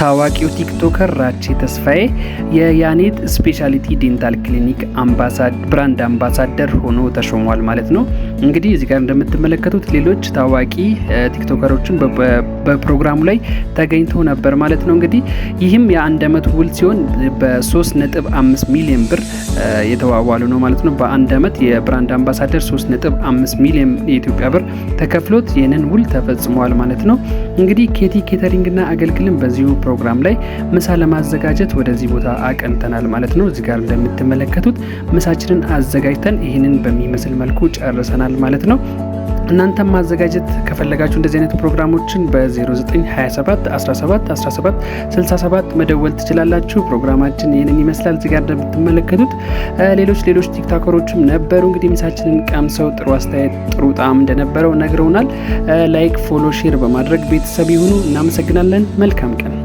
ታዋቂው ቲክቶከር ራቼ ተስፋዬ የያኔት ስፔሻሊቲ ዴንታል ክሊኒክ ብራንድ አምባሳደር ሆኖ ተሾሟል ማለት ነው። እንግዲህ እዚህ ጋር እንደምትመለከቱት ሌሎች ታዋቂ ቲክቶከሮችን በፕሮግራሙ ላይ ተገኝተው ነበር ማለት ነው። እንግዲህ ይህም የአንድ አመት ውል ሲሆን በ3.5 ሚሊዮን ብር የተዋዋሉ ነው ማለት ነው። በአንድ አመት የብራንድ አምባሳደር 3.5 ሚሊዮን የኢትዮጵያ ብር ተከፍሎት ይህንን ውል ተፈጽሟል ማለት ነው። እንግዲህ ኬቲ ኬተሪንግና አገልግልን በዚሁ ፕሮግራም ላይ ምሳ ለማዘጋጀት ወደዚህ ቦታ አቀንተናል ማለት ነው። እዚህ ጋር እንደምትመለከቱት ምሳችንን አዘጋጅተን ይህንን በሚመስል መልኩ ጨርሰናል። ይሆናል ማለት ነው። እናንተም ማዘጋጀት ከፈለጋችሁ እንደዚህ አይነት ፕሮግራሞችን በ0927 17 17 67 መደወል ትችላላችሁ። ፕሮግራማችን ይህንን ይመስላል። እዚህ ጋር እንደምትመለከቱት ሌሎች ሌሎች ቲክታከሮችም ነበሩ። እንግዲህ ምሳችንን ቀምሰው ጥሩ አስተያየት፣ ጥሩ ጣዕም እንደነበረው ነግረውናል። ላይክ፣ ፎሎ፣ ሼር በማድረግ ቤተሰብ ይሁኑ። እናመሰግናለን። መልካም ቀን